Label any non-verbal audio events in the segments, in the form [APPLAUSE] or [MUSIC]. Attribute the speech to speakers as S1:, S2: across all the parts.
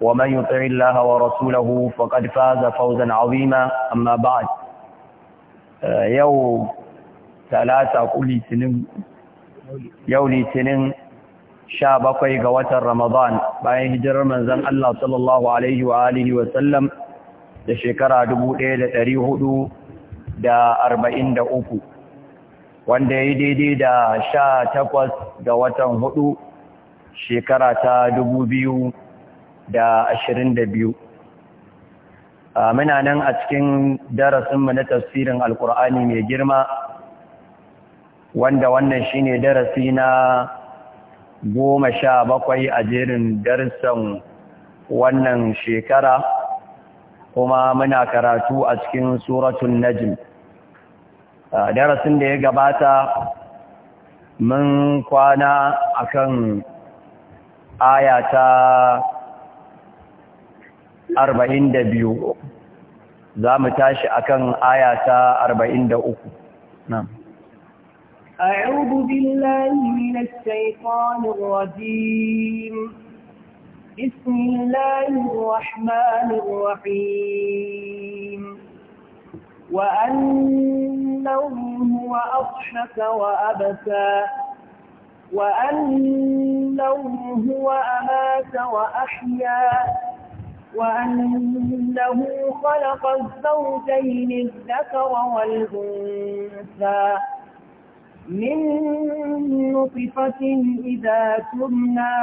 S1: ومن يطع الله ورسوله فقد فاز فوزا عظيما اما بعد يوم ثلاثه قولي تنين يوم تنين 17 ga watan Ramadan bayan hijirar manzon Allah sallallahu alaihi wa alihi wa sallam da da uku. wanda yayi daidai da sha takwas ga watan huɗu shekara ta dubu biyu. da ashirin da biyu muna nan a cikin darasinmu na tafsirin alkur'ani mai girma wanda wannan shi ne darasi na goma sha bakwai a jerin darussan wannan shekara kuma muna karatu a cikin suratun najm darasin da ya gabata mun kwana akan aya ta arba'in da biyu za mu tashi a kan ayata arba'in da uku nan a'udhu billahi minash shaitanir rajim bismillahir rahmanir rahim wa annahu wa afshaka wa abasa wa annahu huwa amata wa ahya وأنه خلق الزوجين الذكر والأنثى من نطفة إذا تمنى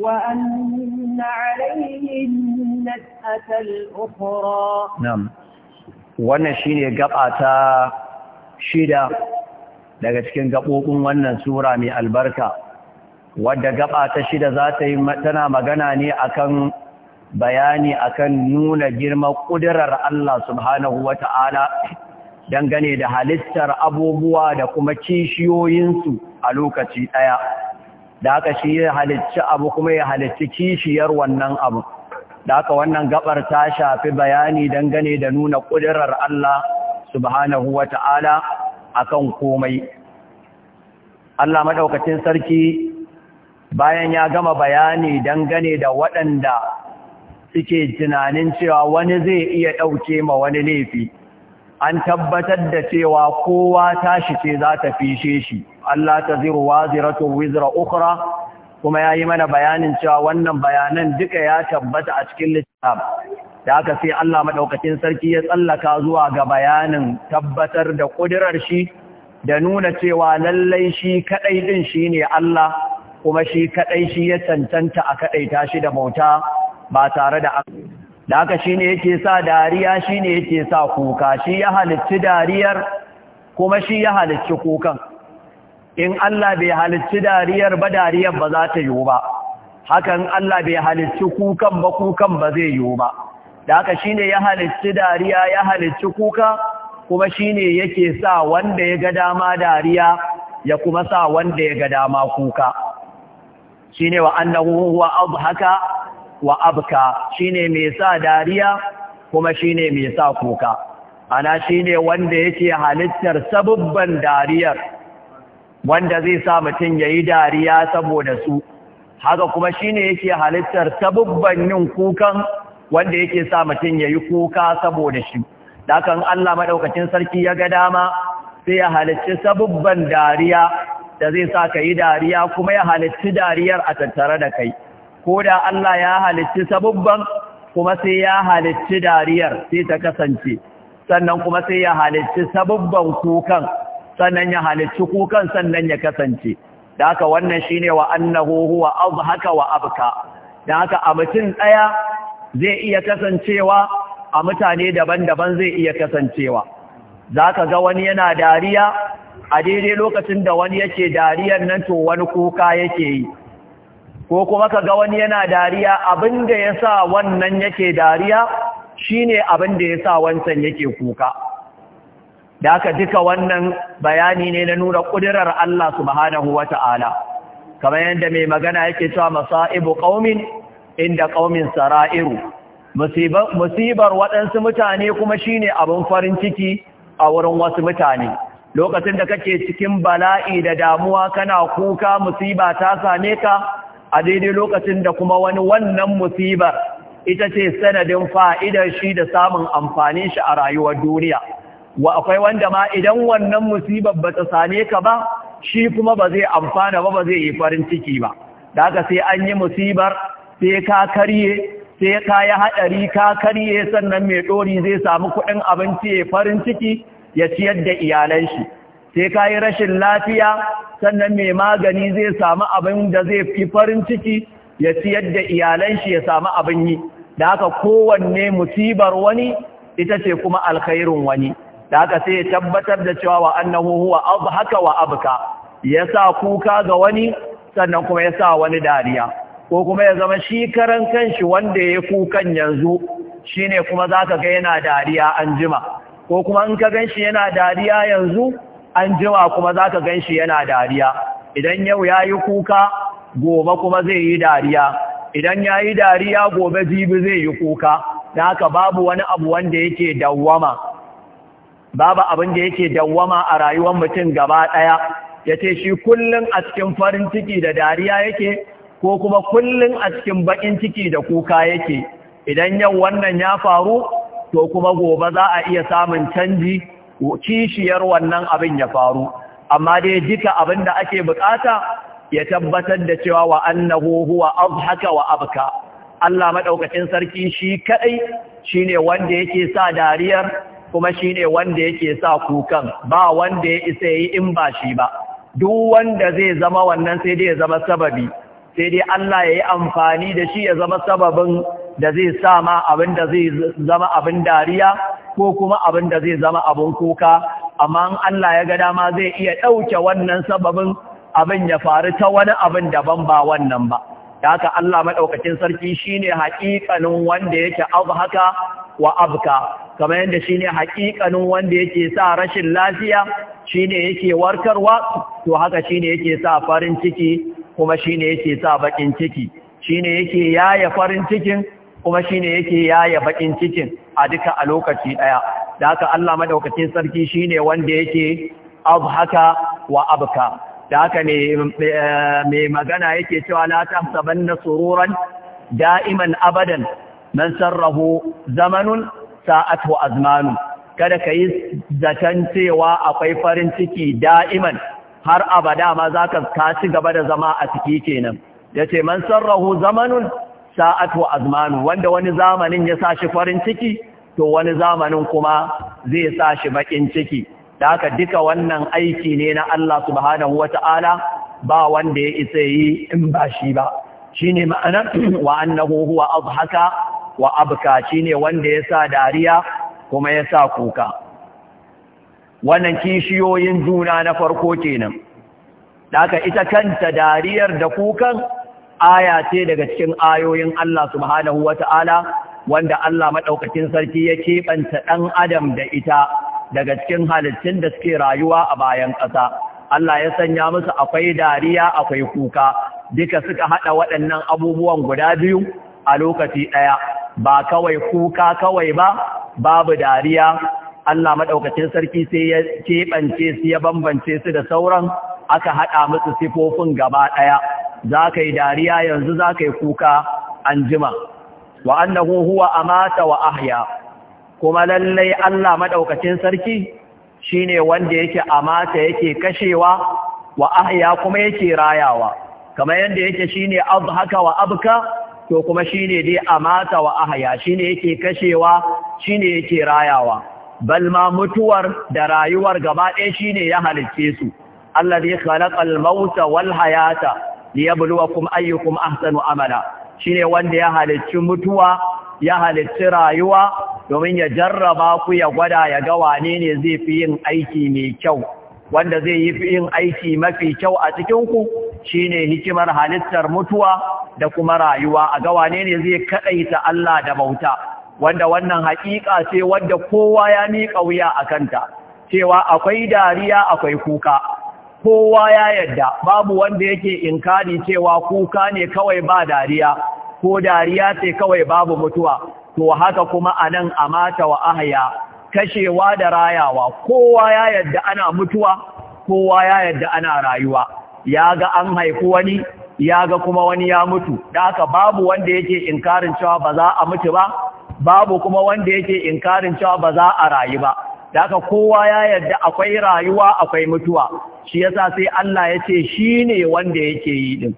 S1: وأن عليه النشأة الأخرى نعم wannan shine gaba shida daga cikin gabobin wannan sura mai albarka wadda gaba ta shida za ta yi tana magana ne akan bayani akan nuna girman ƙudurar Allah subhanahu wa ta'ala dangane da halittar abubuwa da kuma kishiyoyinsu a lokaci ɗaya. Da haka shi ya halicci abu kuma ya halicci kishiyar wannan abu. Da haka wannan gabar ta shafi bayani dangane da nuna ƙudurar Allah subhanahu wa ta'ala a kan komai. Allah maɗaukacin sarki bayan ya gama bayani dangane da waɗanda suke tunanin cewa wani zai iya ɗauke ma wani laifi an tabbatar da cewa kowa tashi ce za ta fishe shi Allah ta ziru waziratun wizra ukura, kuma ya yi mana bayanin cewa wannan bayanan duka ya tabbata a cikin littaf da aka sai Allah maɗaukacin sarki ya tsallaka zuwa ga bayanin tabbatar da ƙudurar shi da nuna cewa lallai shi kaɗai ɗin shi ne Allah kuma shi kaɗai shi ya cancanta a kaɗaita shi da bauta ba tare da da haka shine yake sa dariya shine yake sa kuka shi ya halicci dariyar kuma shi ya halicci kukan in Allah bai halicci dariyar ba dariyar ba za ta yiwu ba hakan Allah bai halicci kukan ba kukan ba zai yiwu ba da haka shine ya halicci dariya ya halicci kuka kuma shine yake sa wanda ya ga dama dariya ya kuma sa wanda ya ga dama kuka shine wa annahu huwa adhaka wa abka shine mai sa dariya kuma shine mai sa kuka ana shine wanda yake halittar sabubban dariyar wanda zai sa mutum yayi dariya saboda su haka kuma shine yake halittar sabubban yin kukan wanda yake sa mutum yayi kuka saboda shi dakan Allah madaukakin sarki ya ga dama sai ya halicci sabubban dariya da zai sa ka yi dariya kuma ya halicci dariyar a tattare da kai ko da Allah ya halicci sabubban kuma sai ya halicci dariyar sai ta kasance sannan kuma sai ya halicci sabubban kukan sannan ya halicci kukan sannan ya kasance da haka wannan shine wa annahu huwa azhaka wa abka da haka a mutum ɗaya zai iya kasancewa a mutane daban-daban zai iya kasancewa zaka ga wani yana dariya a daidai lokacin da wani yake dariyar nan to wani kuka yake yi ko kuma ka ga wani yana dariya abin da ya sa wannan yake dariya shine abin da ya sa wancan yake kuka da aka duka wannan bayani ne na nuna ƙudirar Allah subhanahu wa ta'ala kamar yadda mai magana yake cewa masa'ibu ƙaumin inda ƙaumin sara'iru musibar waɗansu mutane kuma shine abin farin ciki a wurin wasu mutane lokacin da kake cikin bala'i da damuwa kana kuka musiba ta same ka a daidai lokacin da kuma wani wannan musibar ita ce sanadin fa'idar shi da samun amfani shi a rayuwar duniya wa akwai wanda ma idan wannan musibar ba ta same ka ba shi kuma ba zai amfana ba ba zai yi farin ciki ba da haka sai an yi musibar sai ka karye sai ka yi haɗari ka karye sannan mai ɗori zai samu kuɗin abinci ya farin ciki ya ciyar da iyalan shi sai ka yi rashin lafiya sannan mai magani zai samu abin da zai fi farin ciki ya ciyar da iyalan shi ya samu abin yi da haka kowanne musibar wani ita ce kuma alkhairun wani da haka sai ya tabbatar da cewa wa annahu huwa abhaka wa abka ya sa kuka ga wani sannan kuma ya sa wani dariya ko kuma ya zama shi karan kanshi wanda ya kukan yanzu shine kuma zaka ga yana dariya anjima ko kuma in ka gan shi yana dariya yanzu an jima kuma za ka gan shi yana dariya idan yau ya yi kuka gobe kuma zai yi dariya idan ya yi dariya gobe jibi zai yi kuka da haka babu wani abu wanda yake dawwama babu abin da yake dawwama a rayuwar mutum gaba ɗaya ya ce shi kullum a cikin farin ciki da dariya yake ko kuma kullum a cikin baƙin ciki da kuka yake idan yau wannan ya faru to kuma gobe za a iya samun canji kishiyar wannan abin ya faru amma dai duka abin da ake bukata ya tabbatar da cewa wa annahu huwa haka wa abka Allah madaukakin sarki shi kadai shine wanda yake sa dariyar kuma shine wanda yake sa kukan ba wanda ya isa yi in ba shi ba duk wanda zai zama wannan sai dai ya zama sababi sai dai Allah ya yi amfani da shi ya zama sababin da zai sa ma abin da zai zama abin dariya ko kuma abin da zai zama abin kuka amma Allah ya ga dama zai iya ɗauke wannan sababin abin ya faru ta wani abin daban ba wannan ba da haka Allah maɗaukacin sarki shi ne haƙiƙanin wanda yake abu haka wa abka kamar yadda shi ne haƙiƙanin wanda yake sa rashin lafiya shi ne yake warkarwa to haka shi ne yake sa farin ciki kuma shi ne yake sa bakin ciki Shi ne yake yaya farin cikin kuma shine yake yaya baƙin cikin a duka a lokaci ɗaya. da haka Allah madaukakin sarki shine wanda yake abhaka wa abka da haka mai magana yake cewa la tahsabanna sururan da'iman abadan man sarrahu zamanun sa'atu azmanu kada ka yi zaton cewa akwai farin ciki da'iman har abada ma za ka ci gaba da zama a ciki kenan ya ce man sarrahu zamanun sa'atu azmanu wanda wani zamanin ya sa shi farin ciki to wani zamanin kuma zai sa shi bakin ciki da haka duka wannan aiki ne na Allah subhanahu wata'ala ba wanda ya isa yi in ba shi ba shine ma'anar [CLEARS THROAT] wa annahu huwa adhaka wa abka shine wanda ya sa dariya kuma ya sa kuka wannan kishiyoyin juna na farko kenan da haka ita kanta dariyar da kukan aya ce daga cikin ayoyin Allah subhanahu wata'ala wanda Allah maɗaukacin sarki ya keɓanta ɗan adam da ita daga cikin halittun da suke rayuwa a bayan ƙasa Allah ya sanya musu akwai dariya akwai kuka duka suka haɗa waɗannan abubuwan guda biyu a lokaci ɗaya ba kawai kuka kawai ba babu dariya Allah maɗaukacin sarki sai ya keɓance su ya bambance su da sauran aka haɗa musu sifofin gaba ɗaya za ka yi dariya yanzu za ka yi kuka an jima wa annahu huwa amata wa ahya kuma lallai Allah madaukakin sarki shine wanda yake amata yake kashewa wa ahya kuma yake rayawa kamar yanda yake shine abhaka wa abka to kuma shine dai amata wa ahya shine yake kashewa shine yake rayawa bal ma mutuwar da rayuwar gaba ɗaya shine ya halicce su Allah khalaqal mauta wal hayata liyabluwakum ayyukum ahsanu amala shine wanda ya halicci mutuwa ya halicci rayuwa domin ya jarraba ku ya gwada ya ga wane ne zai fi yin aiki mai kyau wanda zai yi fi yin aiki mafi kyau a cikin ku shine hikimar halittar mutuwa da kuma rayuwa a ga wane ne zai kadaita Allah da bauta wanda wannan hakika ce wanda kowa ya miƙa wuya akanta cewa akwai dariya akwai kuka kowa ya yadda babu wanda yake inkari cewa kuka ne kawai ba dariya ko dariya ce kawai babu mutuwa to haka kuma anan mata wa ahya kashewa da rayawa kowa ya yadda ana mutuwa kowa ya yadda ana rayuwa ya ga an haifi wani ya ga kuma wani ya mutu da haka babu wanda yake inkarin cewa ba za a mutu ba babu kuma wanda yake inkarin cewa ba za a rayu ba da haka kowa ya yadda akwai rayuwa akwai mutuwa shi yasa sai Allah ya ce shi ne wanda yake yi din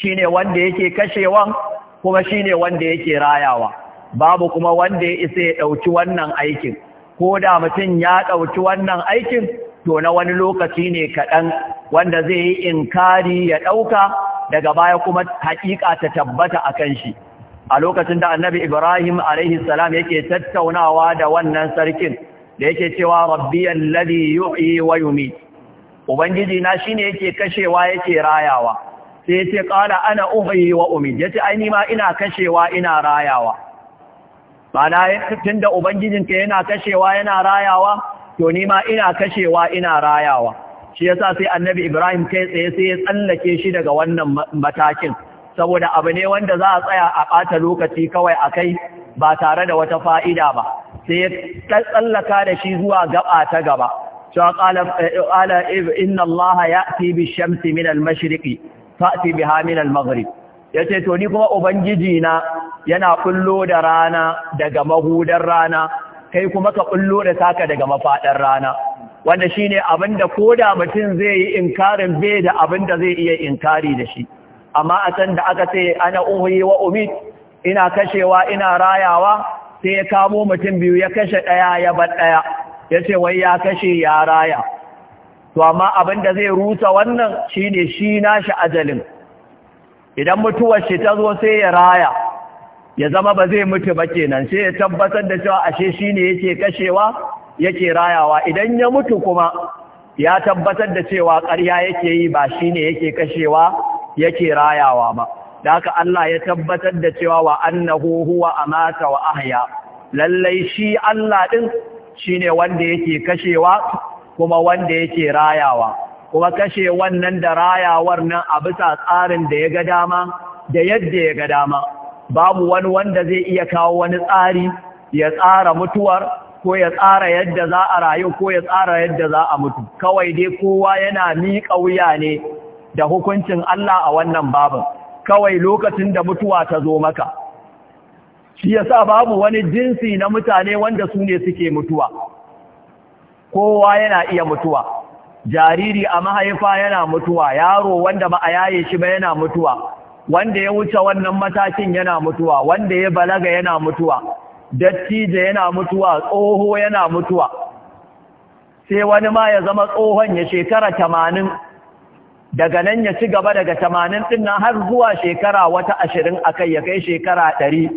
S1: shi ne wanda yake kashewan kuma shi ne wanda yake rayawa babu kuma wanda ya isa ya ɗauki wannan aikin ko da mutum ya ɗauki wannan aikin to na wani lokaci ne kaɗan wanda zai yi inkari ya ɗauka daga baya kuma haƙiƙa ta tabbata a kan shi a lokacin da annabi ibrahim alaihi salam yake tattaunawa da wannan sarkin da yake cewa rabbi alladhi yuhyi wa ubangiji na ne yake kashewa yake rayawa sai yace qala ana uhayi wa umid yace ai ni ma ina kashewa ina rayawa da ubangijin ubangijinka yana kashewa yana rayawa to ni ma ina kashewa ina rayawa shi ya sa sai annabi Ibrahim kai tsaye sai ya tsallake shi daga wannan matakin saboda abu ne wanda za a tsaya a ɓata lokaci kawai a kai ba tare da wata fa'ida ba sai ya tsallaka da shi zuwa gaba ta gaba cewa ƙala eh, inna Allah ya ti bi shamsi min al-mashriqi fa'ti biha min al yace to ni kuma ubangiji na yana kullo da rana daga mahudar rana kai kuma ka kullo da saka daga mafadar rana wanda shine da koda mutum zai yi inkarin bai da abin da zai iya inkari da shi amma a san da aka ce ana uhi wa Umit ina kashewa ina rayawa sai ya kamo mutum biyu ya kashe daya ya bar daya ya ce wai ya kashe ya raya to amma abin da zai rusa wannan shine shi nashi ajalin idan mutuwar shi ta zo sai ya raya ya zama ba zai mutu ba kenan sai ya tabbatar da cewa ashe shi ne yake kashewa yake rayawa idan ya mutu kuma ya tabbatar da cewa ƙarya yake yi ba shi ne yake kashewa yake rayawa ba da haka Allah ya tabbatar da cewa wa annahu huwa amata wa ahya lallai shi Allah din shine wanda yake kashewa kuma wanda yake rayawa kuma kashe wannan da rayawar nan a bisa tsarin da ya ga dama da yadda ya ga dama babu wani wanda zai iya kawo wani tsari ya tsara mutuwar ko ya tsara yadda za a rayu ko ya tsara yadda za a mutu kawai dai kowa yana miƙa wuya ne da hukuncin Allah a wannan babin kawai lokacin da mutuwa ta zo maka shi ya sa babu wani jinsi na mutane wanda su ne suke mutuwa kowa yana iya mutuwa jariri a mahaifa yana mutuwa yaro wanda ba a yaye shi ba yana mutuwa wanda ya wuce wannan matakin yana mutuwa wanda ya balaga yana mutuwa dattijo yana mutuwa tsoho yana mutuwa sai wani ma ya zama tsohon ya shekara tamanin daga nan ya ci gaba daga tamanin ɗin har zuwa shekara wata ashirin a kai ya kai shekara ɗari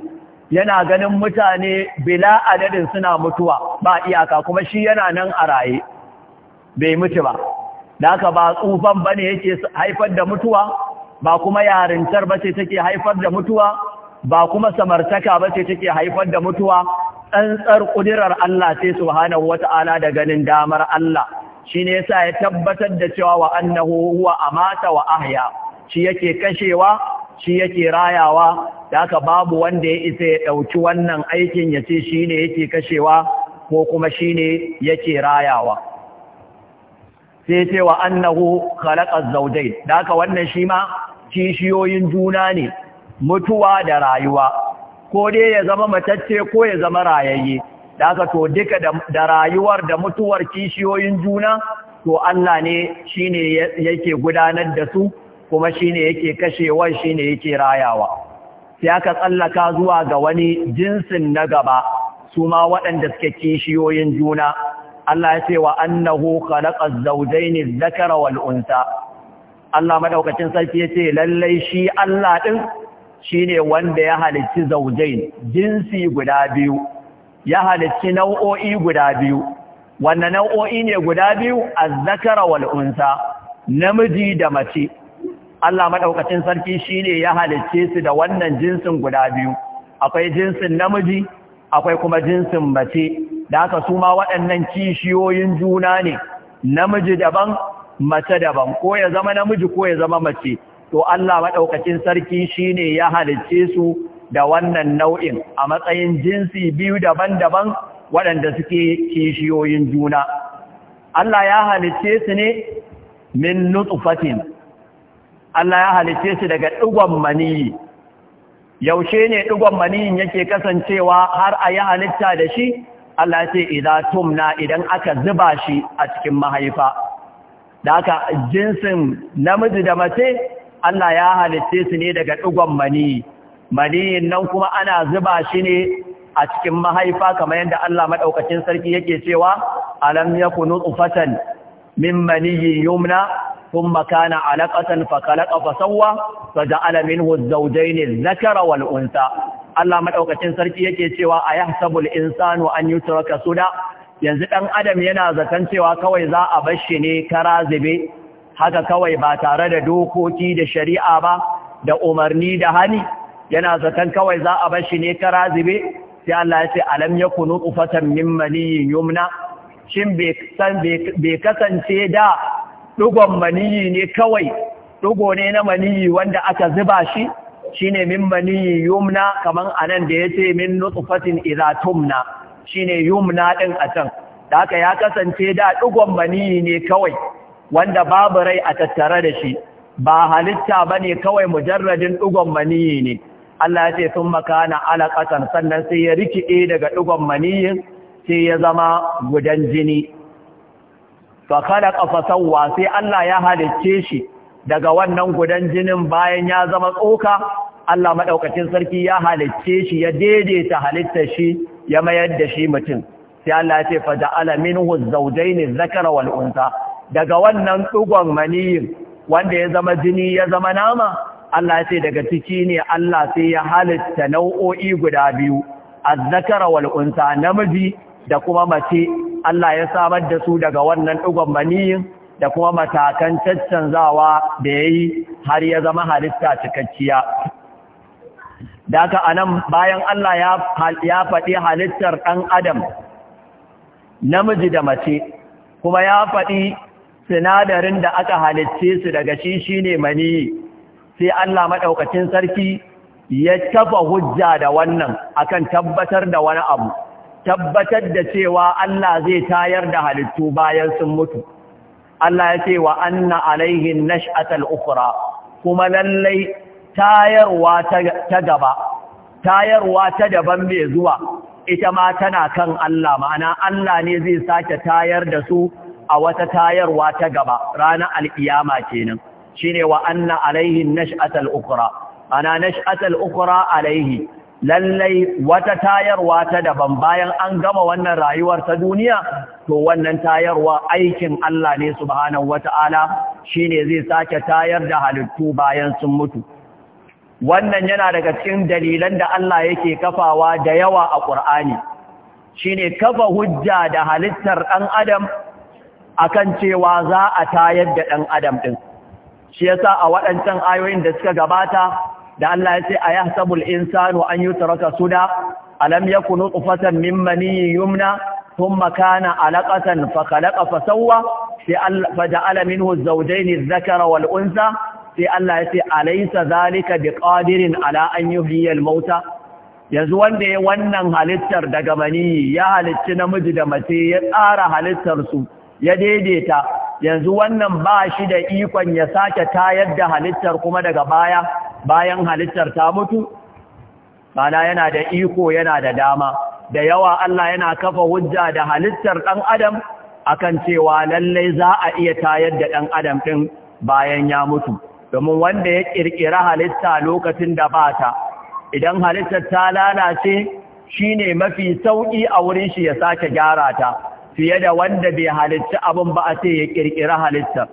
S1: yana ganin mutane bila adadin suna mutuwa ba iyaka kuma shi yana nan a raye bai mutu ba da haka ba tsufan bane yake haifar da mutuwa ba kuma yarintar ba ce take haifar da mutuwa ba kuma samartaka ba ce take haifar da mutuwa tsar kudirar Allah sai subhanahu wata'ala da ganin damar Allah shine yasa ya tabbatar da cewa wa annahu huwa amata wa ahya shi yake kashewa shi yake rayawa da babu wanda ya isa ya ɗauki wannan aikin ya ce shi ne yake kashewa ko kuma shi ne yake rayawa sai ce wa annahu khalaqa zawjayn da haka wannan shi ma kishiyoyin juna ne mutuwa da rayuwa ko dai ya zama matacce ko ya zama rayayye da to duka da rayuwar da mutuwar kishiyoyin juna to Allah ne shine yake gudanar da su kuma shi ne yake shi ne yake rayawa sai aka tsallaka zuwa ga wani jinsin na gaba su ma waɗanda suke kishiyoyin juna Allah ya ce wa annahu khalaqa az-zawjayn dhakara wal-unsa Allah madaukakin sarki yace lallai shi Allah din shine wanda ya halicci zawjayn jinsi guda biyu ya halicci nau'o'i guda biyu wanda nau'o'i ne guda biyu az zakara wal namiji da mace Allah maɗaukacin sarki shine ya halicce su da wannan jinsin guda biyu akwai jinsin namiji akwai kuma jinsin mace da aka su ma waɗannan kishiyoyin juna ne namiji daban mace daban ko ya zama namiji ko ya zama mace to Allah maɗaukacin sarki shine ya halicce su da wannan nau'in a matsayin jinsi biyu daban-daban waɗanda suke kishiyoyin juna Allah ya halicce su ne min nutfatin Allah ya halice shi daga ɗigon maniyi yaushe ne ɗigon maniyin yake kasancewa har a yi halitta da shi Allah ce idan tumna idan aka zuba shi a cikin mahaifa da aka jinsin namiji da mace Allah ya halice su ne daga ɗigon maniyi maniyin nan kuma ana zuba shi ne a cikin mahaifa kamar yadda Allah maɗaukacin sarki yake cewa alam yakunu ufatan min maniyin yumna ثم كان علقة فخلق فسوى فجعل منه الزوجين الذكر والأنثى الله مدعوكتين سركي يكي سوى أيحسب الإنسان yi يترك سدى yanzu ɗan adam yana zaton cewa kawai za a bar shi ne kara zube haka kawai ba tare da dokoki da shari'a ba da umarni da hani yana zaton kawai za a bar shi ne kara zube sai ya kunu alam yakunu ufatan yumna shin bai kasance da ɗugon maniyi ne kawai ɗugo ne na maniyi wanda aka zuba shi shine min maniyi yumna kaman anan da ya ce min nutfatin idza tumna shine yumna ɗin a can da haka ya kasance da ɗugon maniyi ne kawai wanda babu rai a tattare da shi ba halitta ba ne kawai mujarradin ɗugon maniyi ne Allah ya ce sun makana alaƙatan sannan sai ya rikiɗe daga ɗugon maniyin sai ya zama gudan jini fa kafasauwa sai Allah ya halicce shi daga wannan gudan jinin bayan ya zama tsoka Allah madaukakin sarki ya halicce shi ya daidaita halitta shi ya mayar da shi mutum sai Allah ya ce fa da minhu zawjayn dhakara wal untha daga wannan dugon maniyin wanda ya zama jini ya zama nama Allah ya ce daga ciki ne Allah sai ya halitta nau'o'i guda biyu az-zakara wal untha namiji da kuma mace Allah ya samar da su daga wannan ɗugon maniyin da kuma matakan caccanzawa da ya yi har ya zama halitta cikakkiya. Da aka anan bayan Allah ya faɗi halittar ɗan Adam namiji da mace, kuma ya faɗi sinadarin da aka halicce su daga shi shi ne maniyi, sai Allah maɗaukacin sarki ya tafa hujja da wannan akan tabbatar da wani abu. tabbatar da cewa Allah zai tayar da halittu bayan sun mutu Allah ya ce wa anna alaihin nash'atal ukhra kuma lallai tayarwa ta gaba tayarwa ta daban mai zuwa ita ma tana kan Allah ma'ana Allah ne zai sake tayar da su a wata tayarwa ta gaba ranar alkiyama kenan shine wa anna alaihin nash'atal ukhra ana nash'atal ukhra alaihi lallai wata tayarwa ta daban bayan an gama wannan rayuwar ta duniya to wannan tayarwa aikin Allah ne subhanahu wata'ala shine zai sake tayar da halittu bayan sun mutu wannan yana daga cikin dalilan da Allah yake kafawa da yawa a Qur'ani shine kafa hujja da halittar ɗan adam A kan cewa za a tayar da ɗan adam ɗin. shi yasa a waɗancan ayoyin da suka gabata da Allah ya ce a yahsabul insanu an yutraka suda alam yakun nutfatan min maniyyin yumna thumma kana alaqatan fa khalaqa fa sawwa fa ja'ala minhu az-zawjayn wal unsa sai Allah ya ce alaysa zalika biqadirin ala an yi al-mauta yanzu wanda ya wannan halittar daga maniyyi ya halicci namiji da mace ya tsara halittar su ya daidaita yanzu wannan ba shi da ikon ya sake tayar da halittar kuma daga baya bayan halittar ta mutu kana yana da iko yana da dama da yawa Allah yana kafa hujja da halittar ɗan adam akan cewa lallai za a iya tayar da ɗan adam ɗin bayan ya mutu domin wanda ya ƙirƙira halitta lokacin da ba ta idan halittar ta lalace shi ne mafi sauƙi a wurin shi ya sake gyara ta fiye da wanda bai halitta abin ba a ce ya ƙirƙira halittar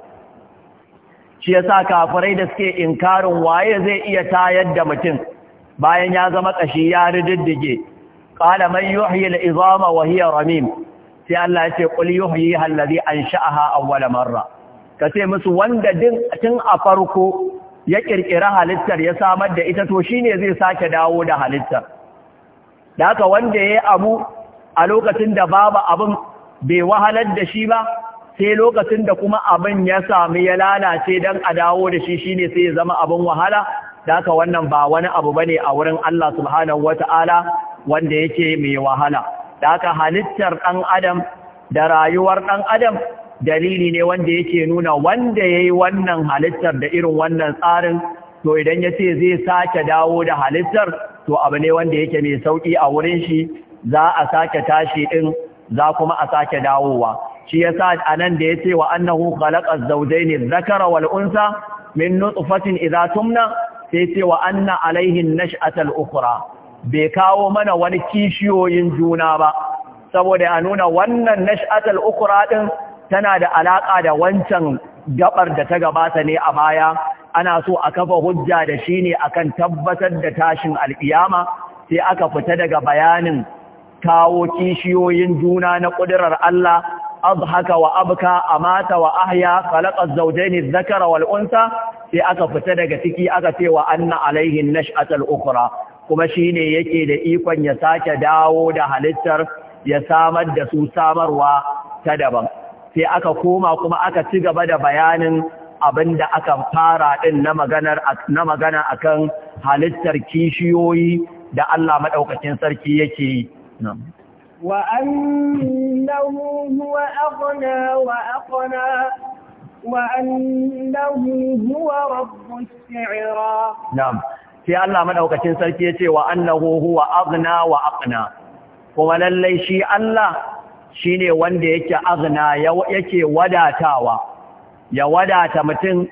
S1: shi yasa kafirai da suke inkarin waye zai iya tayar da mutum bayan ya zama ƙashi ya riddige qala man yuhyi al wa hiya ramim sai Allah ya ce qul a alladhi ansha'aha awwal marra kace musu wanda din tun a farko ya kirkira halittar ya samar da ita to shine zai sake dawo da halittar da haka wanda yayi abu a lokacin da babu abin bai wahalar da shi ba sai lokacin da kuma abin ya sami ya lalace don a dawo da shi shine sai ya zama abin wahala daga wannan ba wani abu bane a wurin Allah subhanahu ta'ala) wanda yake mai wahala Daga halittar ɗan adam da rayuwar ɗan adam dalili ne wanda yake nuna wanda ya yi wannan halittar da irin wannan tsarin to idan ya ce zai sake dawo da halittar to abu ne wanda yake mai sauƙi a wurin shi za a sake tashi ɗin za kuma a sake dawowa shi yasa anan da yace wa annahu khalaqa az-zawjayn adh-dhakara wal unsa min nutfatin idha tumna sai yace wa anna alayhi an-nash'ata al-ukhra bai kawo mana wani kishiyoyin juna ba saboda ya nuna wannan nash'ata al-ukhra din tana da alaka da wancan gabar da ta gabata ne a baya ana so a kafa hujja da shi ne akan tabbatar da tashin alkiyama sai aka fita daga bayanin kawo kishiyoyin juna na ƙudurar Allah abhaka wa abka amata wa ahya khalaqa az-zawjayn unsa sai aka fita daga ciki aka ce wa anna alaihi nash'atal ukhra kuma ne yake da ikon ya sake dawo da halittar ya samar da su samarwa ta daban sai aka koma kuma aka ci gaba da bayanin abin da aka fara din na maganar na magana akan halittar kishiyoyi da Allah madaukakin sarki yake yi نعم وأنه هو أغنى وأقنى وأنه هو رب الشعرى نعم في الله من وأنه هو أغنى وأقنى kuma lallai shi Allah shi ne wanda yake agna yake wadatawa ya wadata mutum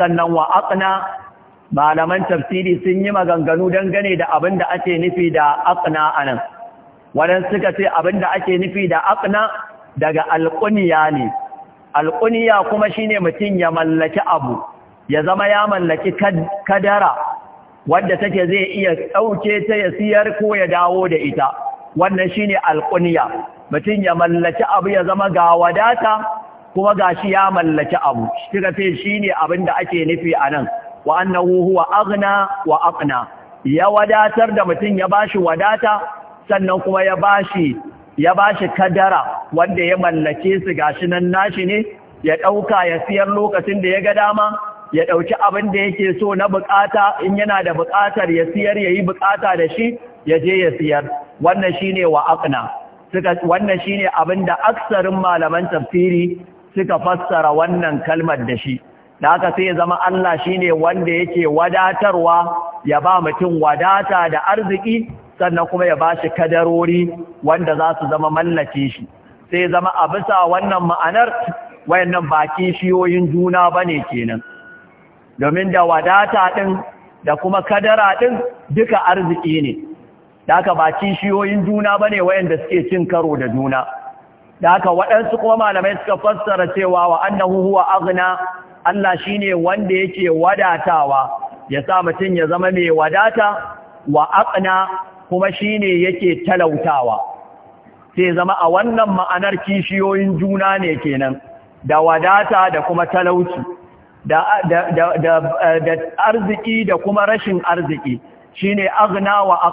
S1: sannan wa aqna malaman tafsiri sun yi maganganu dangane da abin da ake nufi da aqna anan wadan suka ce abinda ake nufi da aqna daga alquniya ne alquniya kuma shine mutum ya mallaki abu ya zama ya mallaki kadara wanda take zai iya ɗauke ta ya siyar ko ya dawo da ita wannan shine alquniya mutum ya mallaki abu ya zama ga wadata kuma gashi ya mallaki abu suka ce shine da ake nufi anan wa annahu huwa aghna wa aqna ya wadatar da mutum ya bashi wadata sannan kuma ya bashi ya bashi kadara wanda ya mallake su gashi nan nashi ne ya dauka ya siyar lokacin da ya ga dama ya dauki abin da yake so na bukata in yana da bukatar ya siyar yayi bukata da shi ya je ya siyar wannan shine wa aqna suka wannan shine abin da aksarin malaman tafsiri suka fassara wannan kalmar da shi da haka sai zama Allah shine wanda yake wadatarwa ya ba mutum wadata da arziki sannan kuma ya bashi kadarori wanda za su zama mallake shi sai zama a bisa wannan ma'anar wayannan baki shiyoyin juna bane kenan domin da wadata din da kuma kadara din duka arziki ne da haka baki shiyoyin juna bane wayanda suke cin karo da juna da haka waɗansu kuma malamai suka fassara cewa wa annahu huwa aghna Allah shine wanda yake wadatawa ya sa mutum ya zama mai wadata wa aqna kuma shi ne yake talautawa sai zama a wannan ma'anar kishiyoyin juna ne kenan da wadata da kuma talauci da arziki da kuma rashin arziki Shi ne agna wa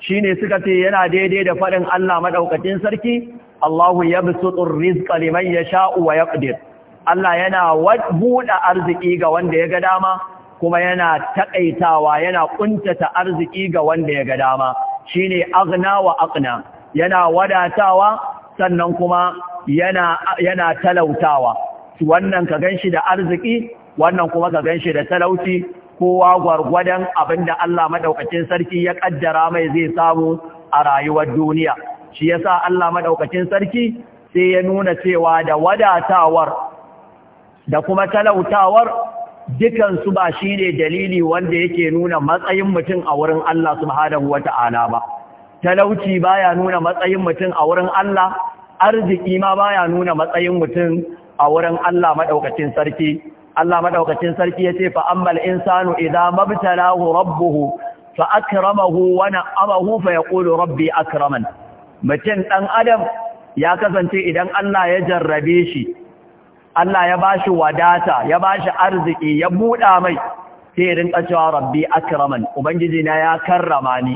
S1: Shi ne suka ce yana daidai da faɗin Allah maɗaukacin sarki Allahu yabsutur rizqa liman sha'uwa wa ƙudir Allah yana buɗe arziki ga wanda ya ga dama kuma yana taƙaitawa yana ƙuntata arziki ga wanda ya ga dama shine aghna wa aqna yana wadatawa sannan kuma yana yana talautawa wannan ka ganshi da arziki wannan kuma ka ganshi da talauci kowa gwargwadon abinda Allah madaukakin sarki ya ƙaddara mai zai samu a rayuwar duniya shi yasa Allah madaukakin sarki sai ya nuna cewa da wadatawar da kuma talautawar dukansu ba shi ne dalili wanda yake nuna matsayin mutum a wurin Allah subhanahu wa ta'ala ba. Talauci baya nuna matsayin mutum a wurin Allah, arziki ma baya nuna matsayin mutum a wurin Allah maɗaukacin sarki. Allah maɗaukacin sarki ya ce fa'ammal insanu idan mabtalahu rabbuhu fa akramahu wa na'amahu fa yaqulu rabbi akraman. Mutum ɗan adam ya kasance idan Allah ya jarrabe shi Allah ya bashi wadata ya ba shi arziki ya buɗa mai sai rinka cewa rabbi akraman ubangiji na ya karrama ni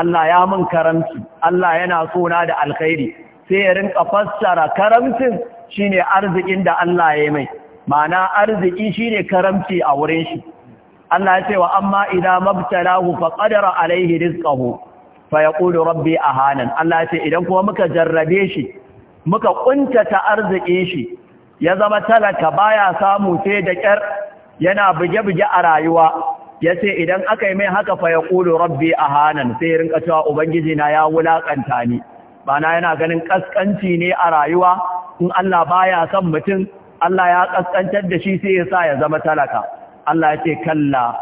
S1: Allah ya mun karamci Allah yana sona da alkhairi sai ya rinka fassara karamcin shine arzikin da Allah ya mai ma'ana arziki shine karamci a wurin shi Allah ya ce wa amma idan mabtalahu faqadara alaihi rizqahu fayaqulu rabbi ahanan Allah ya ce idan kuma muka jarrabe shi muka ta arzikin shi ya zama talaka baya samu sai da kyar. yana buge-buge a rayuwa ya ce idan aka yi mai haka fa ya ƙulu rabbi a hanan sai rinka cewa ubangiji na ya wulaƙanta ni bana yana ganin ƙasƙanci ne a rayuwa in Allah baya son mutum Allah ya ƙasƙantar da shi sai ya sa ya zama talaka Allah ya ce kalla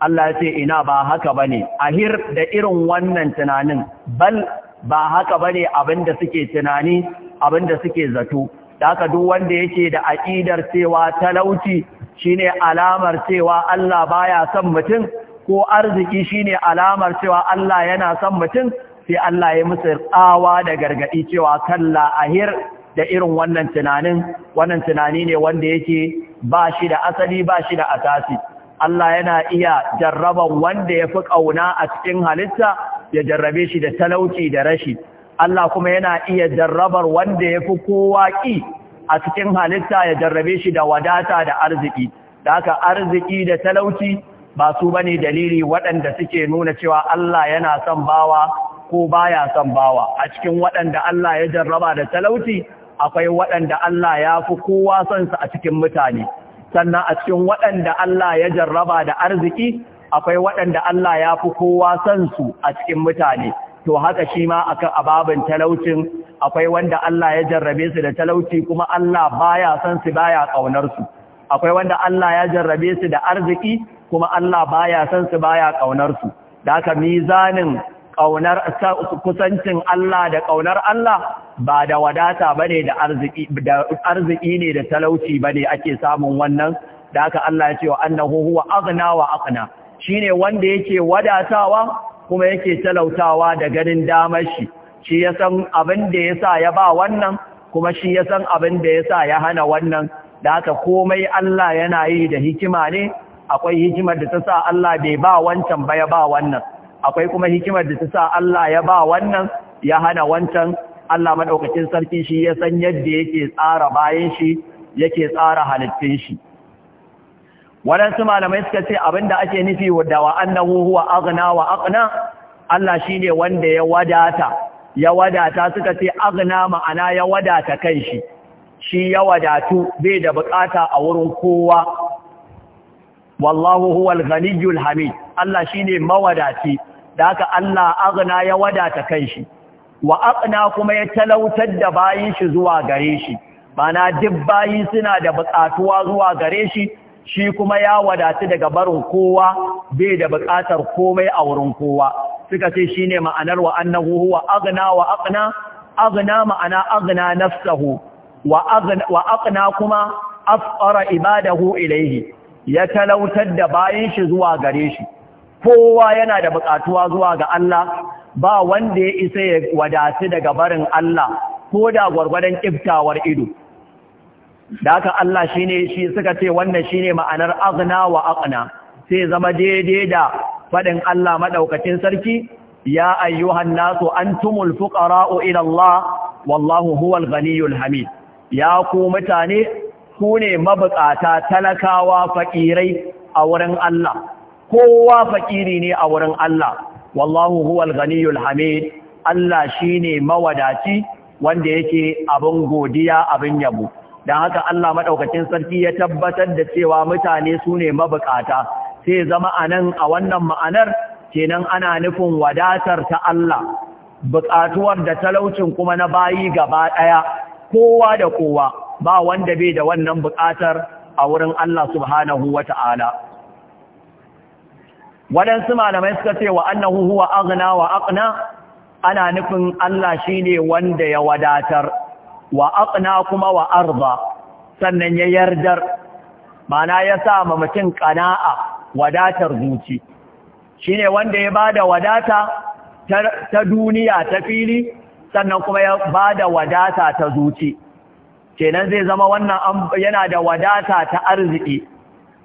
S1: Allah ya ina ba haka bane ahir da irin wannan tunanin bal ba haka bane abinda suke tunani abinda suke zato da aka duk wanda yake da aƙidar cewa talauci shine alamar cewa Allah baya son mutum ko arziki shine alamar cewa Allah yana son mutum sai Allah ya musu tsawa da gargadi cewa kalla ahir da irin wannan tunanin wannan tunani ne wanda yake ba shi da asali ba shi da asasi Allah yana iya jarraban wanda yafi fi ƙauna a cikin halitta ya jarrabe shi da talauci da rashi Allah kuma yana iya jarrabar wanda ya fi kowa ƙi a cikin halitta ya jarrabe shi da wadata da arziki, da haka arziki da talauci ba su ba dalili waɗanda suke nuna cewa Allah yana son bawa ko baya son bawa. A cikin waɗanda Allah ya jarraba da talauci akwai waɗanda Allah ya fi kowa son su a cikin mutane. Sannan a cikin waɗanda Allah ya jarraba da arziki akwai waɗanda Allah ya fi kowa son su a cikin mutane. to haka shi ma akan ababin talaucin akwai wanda Allah ya jarrabe su da talauci kuma Allah baya san su baya kaunar su akwai wanda Allah ya jarrabe su da arziki kuma Allah baya san su baya kaunar su da haka mizanin kaunar kusancin Allah da kaunar Allah ba da wadata bane da arziki da arziki ne da talauci bane ake samun wannan da haka Allah ya ce wa annahu huwa aghna wa aqna shine wanda yake wadatawa kuma yake talautawa da ganin damar shi shi ya san abin da ya sa ya ba wannan kuma shi ya san abin da ya sa ya hana wannan da haka komai Allah yana yi da hikima ne akwai hikimar da ta sa Allah bai ba wancan ba ya ba wannan akwai kuma hikimar da ta sa Allah ya ba wannan ya hana wancan Allah madaukakin sarki shi ya san yadda yake tsara bayan shi yake tsara halittun shi waɗansu malamai suka ce abin da ake nufi da wa annahu huwa aghna wa aqna Allah shine wanda ya wadata ya wadata suka ce aghna ma'ana ya wadata kanshi shi ya wadatu bai da bukata a wurin kowa wallahu huwal ghaniyyul hamid Allah shine mawadaci da haka Allah aghna ya wadata kanshi wa aqna kuma ya talautar da bayin shi zuwa gare shi bana duk bayi suna da bukatuwa zuwa gare shi shi kuma ya wadatu daga barin kowa bai da buƙatar komai a wurin kowa suka ce shine ma'anar wa annahu huwa aghna wa aqna aghna ma'ana aghna nafsahu wa aghna wa aqna kuma afqara ibadahu ilayhi ya talautar da bayin shi zuwa gare shi kowa yana da buƙatuwa zuwa ga Allah ba wanda ya isa ya wadatu daga barin Allah ko da gwargwadon kiftawar ido da aka Allah ne shi suka ce wannan shine ma'anar agna wa aqna sai zama daidai da faɗin Allah maɗaukacin sarki ya ayyuhan nasu antumul fuqara'u ila Allah wallahu huwal ghaniyul hamid ya ku mutane ku ne mabukata talakawa faƙirai a wurin Allah kowa faƙiri ne a wurin Allah wallahu huwal ghaniyul hamid Allah shine mawadaci wanda yake abin godiya abin yabo don haka Allah maɗaukacin sarki ya tabbatar da cewa mutane su ne mabukata sai zama a nan a wannan ma'anar kenan ana nufin wadatar ta Allah buƙatuwar da talaucin kuma na bayi gaba ɗaya kowa da kowa ba wanda bai da wannan bukatar a wurin Allah subhanahu wa ta'ala waɗansu malamai suka ce wa annahu huwa aghna wa aqna ana nufin Allah shine wanda ya wadatar wa aqna kuma wa arda sannan ya yardar mana ya sa ma mutum qana'a wadatar zuci shine wanda ya bada wadata ta duniya ta fili sannan kuma ya bada wadata ta zuci kenan zai zama wannan yana da wadata ta arziki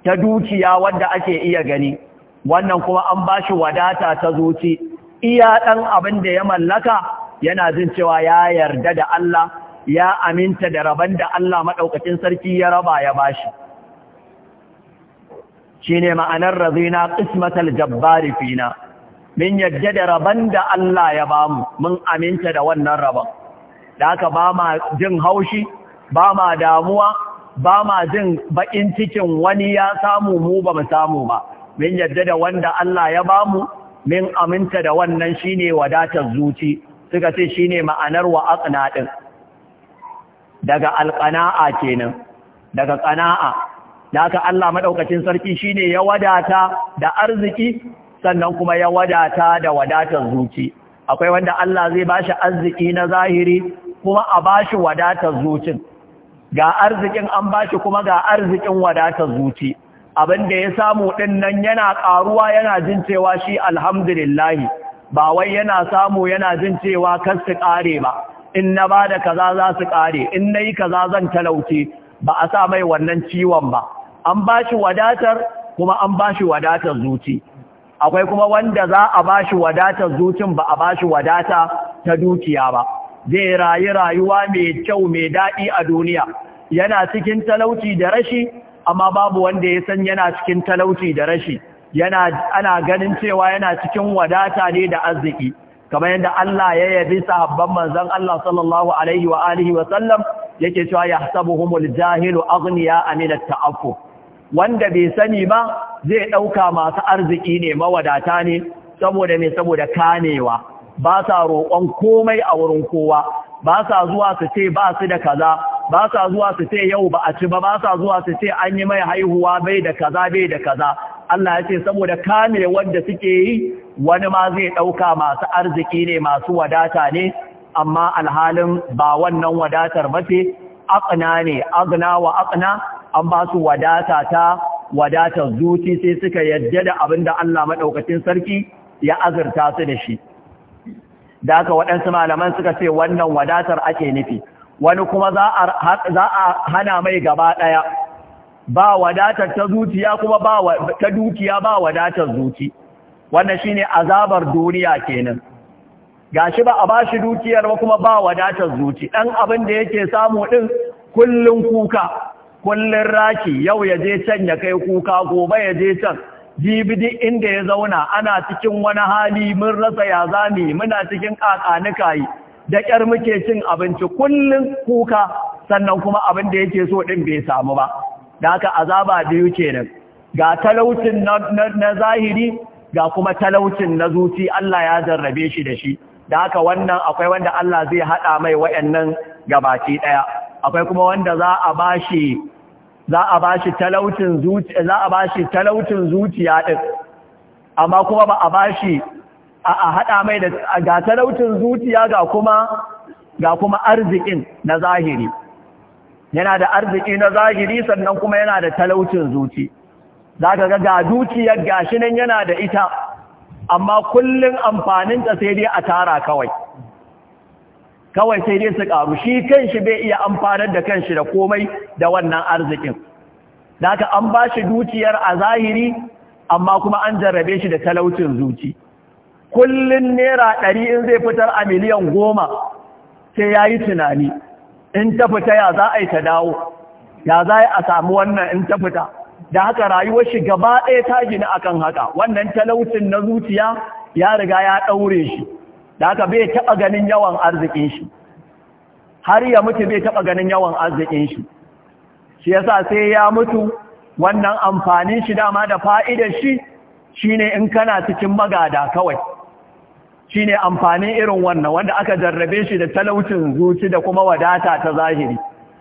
S1: ta dukiya wanda ake iya gani wannan kuma an bashi wadata ta zuci iya ɗan abin da ya mallaka yana jin cewa ya yarda da Allah ya aminta da rabon da Allah maɗaukacin sarki ya raba ya bashi shi ne ma'anar razina ƙismatar jabbari fina min yadda da rabon da Allah ya bamu mun aminta da wannan rabon da aka ba ma jin haushi ba ma damuwa ba ma jin baƙin cikin wani ya samu mu ba mu samu ba min yadda da wanda Allah ya bamu min aminta da wannan shi ne wadatar zuci suka ce shine ma'anar wa daga alƙana'a kenan daga ƙana'a da Allah maɗaukacin sarki shine ya wadata da arziki sannan kuma ya wadata da wadatar zuci akwai wanda Allah zai bashi arziki na zahiri kuma a bashi wadatar zucin ga arzikin an bashi kuma ga arzikin wadatar zuci abin da ya samu din yana karuwa yana jin cewa shi alhamdulillah ba wai yana samu yana jin cewa kar su kare ba in na ba da kaza za su ƙare in na yi kaza zan talauce ba a sa mai wannan ciwon ba an ba shi wadatar kuma an ba shi wadatar zuci akwai kuma wanda za a ba shi wadatar zucin ba a ba shi wadata ta dukiya ba zai rayu rayuwa mai kyau mai daɗi a duniya yana cikin talauci da rashi amma babu wanda ya san yana cikin talauci da rashi yana ana ganin cewa yana cikin wadata ne da arziki kamar yadda Allah ya yabi sahabban manzon Allah sallallahu alaihi wa alihi wa sallam yake cewa yahsabuhumul jahilu aghniya amina ta'affu wanda bai sani ba zai dauka masu arziki ne mawadata ne saboda me saboda kanewa ba sa roƙon komai a wurin kowa ba sa zuwa su ce ba su da kaza ba sa zuwa su ce yau ba a ci ba ba sa zuwa su ce an yi mai haihuwa bai da kaza bai da kaza Allah ya ce saboda kame wanda suke yi wani ma zai ɗauka masu arziki ne masu wadata ne amma alhalin ba wannan wadatar mace akna ne agna wa akna an ba su wadata ta wadatar zuci sai suka yadda da abin da Allah maɗaukacin sarki ya azurta su da shi da aka waɗansu malaman suka ce wannan wadatar ake nufi wani kuma za a hana mai gaba ɗaya ba wadatar ta zuciya kuma ta dukiya ba wadatar zuci wannan ne azabar duniya kenan gashi ba a ba shi dukiyar ba kuma ba wadatar zuci Ɗan abin da yake samu ɗin kullun kuka kullun raki yau ya je can ya kai kuka gobe ya je can jibidi inda ya zauna ana cikin wani hali mun rasa ya zami muna cikin ƙaƙanuka yi da ƙyar muke cin abinci kullun kuka sannan kuma abin da yake so ɗin bai samu ba da haka azaba biyu kenan ga talaucin na zahiri ga kuma talaucin na zuci Allah ya jarrabe shi da shi da haka wannan akwai wanda Allah zai haɗa mai wayannan gabaci ɗaya akwai kuma wanda za a bashi za a bashi talaucin zuciya za a bashi talaucin zuciya din amma kuma ba a bashi a haɗa mai da ga talaucin zuciya ga kuma ga kuma arzikin na zahiri yana da arziki na zahiri sannan kuma yana da talaucin zuci za ka ga dukiyar gashi nan yana da ita amma kullum amfaninta sai dai a tara kawai kawai sai dai su karu shi kanshi bai iya amfanar da kanshi da komai da wannan arzikin za ka an ba shi dukiyar a zahiri amma kuma an jarrabe shi da talaucin zuci kullum naira ɗari in zai fitar a miliyan goma sai ya yi tunani in ta fita ya za a yi ta dawo ya za a samu wannan in ta fita da haka rayuwar shi gaba ɗaya ta gina akan haka wannan talautin na zuciya ya riga ya ɗaure shi da haka bai taɓa ganin yawan arzikin shi har ya mutu bai taɓa ganin yawan arzikin shi shi yasa sai ya mutu wannan amfanin shi dama da fa'idar shi shine in kana cikin magada kawai shine amfanin irin wannan wanda aka jarrabe shi da talaucin zuci da kuma wadata ta zahiri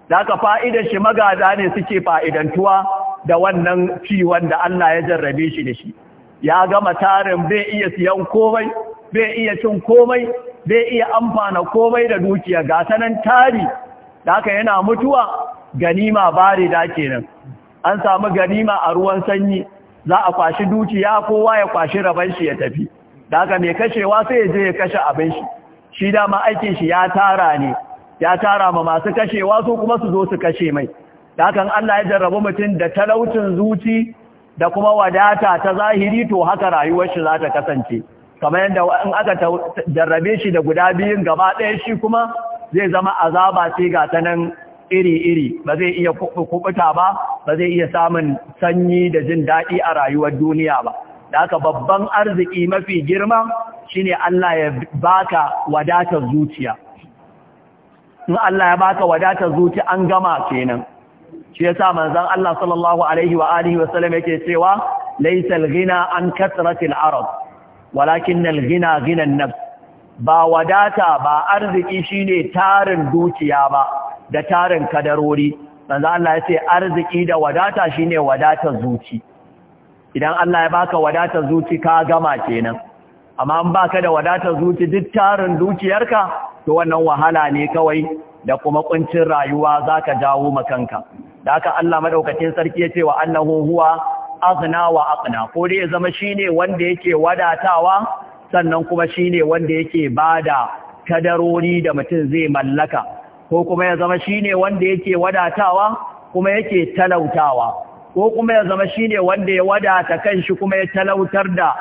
S1: da aka fa'idar shi magada ne suke fa'idantuwa da wannan ciwon da Allah ya jarrabe shi da shi ya gama tarin bai iya siyan komai bai iya cin komai bai iya amfana komai da dukiya ga sanan tari da haka yana mutuwa ganima bare da kenan an samu ganima a ruwan sanyi za a kwashi dukiya kowa ya kwashi raban shi ya tafi da haka mai kashewa sai ya je ya kashe abin shi shi dama aikin shi ya tara ne ya tara ma masu kashewa su kuma su zo su kashe mai da hakan Allah ya jarrabu mutum da talaucin zuci da kuma wadata ta zahiri to haka rayuwar shi za ta kasance kamar yadda in aka jarrabe shi da guda biyun gaba ɗaya shi kuma zai zama azaba sai ga ta nan iri-iri ba zai iya kubuta ba ba zai iya samun sanyi da jin daɗi a rayuwar duniya ba da haka babban arziki mafi girma shine Allah ya baka wadatar zuciya in Allah ya baka wadatar zuci an gama kenan shi yasa manzon Allah sallallahu alaihi wa alihi wa sallam yake cewa laysa al-ghina an kathratil arab walakin al-ghina ghina an-nafs ba wadata ba arziki shine tarin dukiya ba da tarin kadarori manzon Allah yace arziki da wadata shine wadatar zuci idan Allah ya baka wadatar zuci ka gama kenan amma an baka da wadatar zuci duk tarin dukiyarka to wannan wahala ne kawai da kuma kuncin rayuwa za ka jawo makanka da haka Allah maɗaukacin sarki ya ce wa Allah huhuwa, agna wa agna. ko dai zama shine wanda yake wadatawa sannan kuma shine wanda yake da kadarori da mutum zai mallaka ko kuma ya zama shine wanda yake wadatawa kuma yake talautawa ko kuma ya zama shine wanda ya wadata kanshi kuma ya talautar da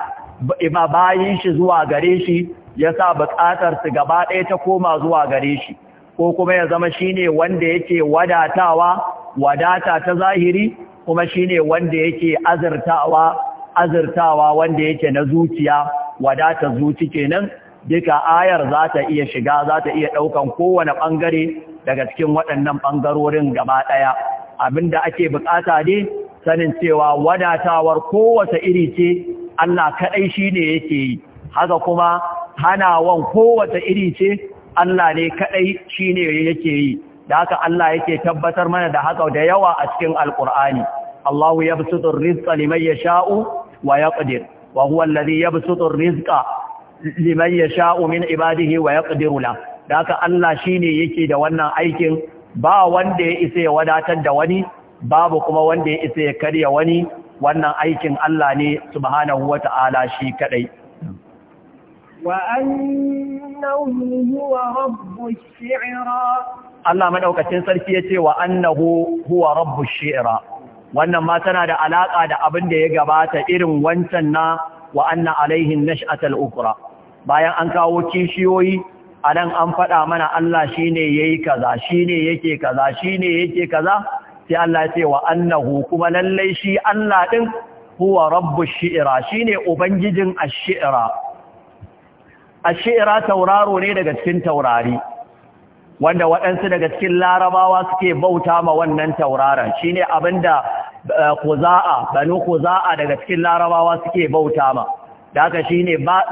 S1: bayin shi zuwa gare shi ya sa buƙatar su gaba ɗaya ta koma zuwa gare shi ko kuma ya zama shine wanda yake wadatawa wadata ta zahiri kuma shine wanda yake azurtawa azurtawa wanda yake na zuciya wadata zuci kenan duka ayar za ta iya shiga za ta iya ɗaukan kowane ɓangare daga cikin waɗannan ɓangarorin gaba ɗaya Abin da ake bukata ne sanin cewa wadatawar kowace iri ce Allah kaɗai shi ne yake yi haka kuma hanawan kowace iri ce Allah ne kadai shine yake yi da haka Allah yake tabbatar mana da haka da yawa a cikin alkur'ani Allahu sutur rizqa liman sha'u, wa ƙudir. wa huwa alladhi sutur rizqa liman sha'u min ibadihi wa yaqdiru da haka Allah shine yake da wannan aikin ba wanda ya isa ya wadatar da wani babu kuma wanda ya isa ya karya wani wannan aikin Allah ne subhanahu ta'ala shi kadai allah maɗaukacin sarki الشعرى الله من أوكتين سركية وأنه هو wannan ma tana da alaƙa da abin da ya gabata irin wancan na wa anna alaihin nash'atal ukra bayan an kawo kishiyoyi a nan an faɗa mana Allah ya yi kaza shine yake kaza shine yake kaza sai Allah ya ce wa annahu kuma lallai shi Allah ɗin huwa shi'ira. Shi shine ubangijin ash shi'ira. ashira tauraro ne daga cikin taurari wanda waɗansu daga cikin larabawa suke bauta ma wannan tauraron ne abinda eh, kuza'a banu kuza'a daga cikin larabawa suke bauta ma da haka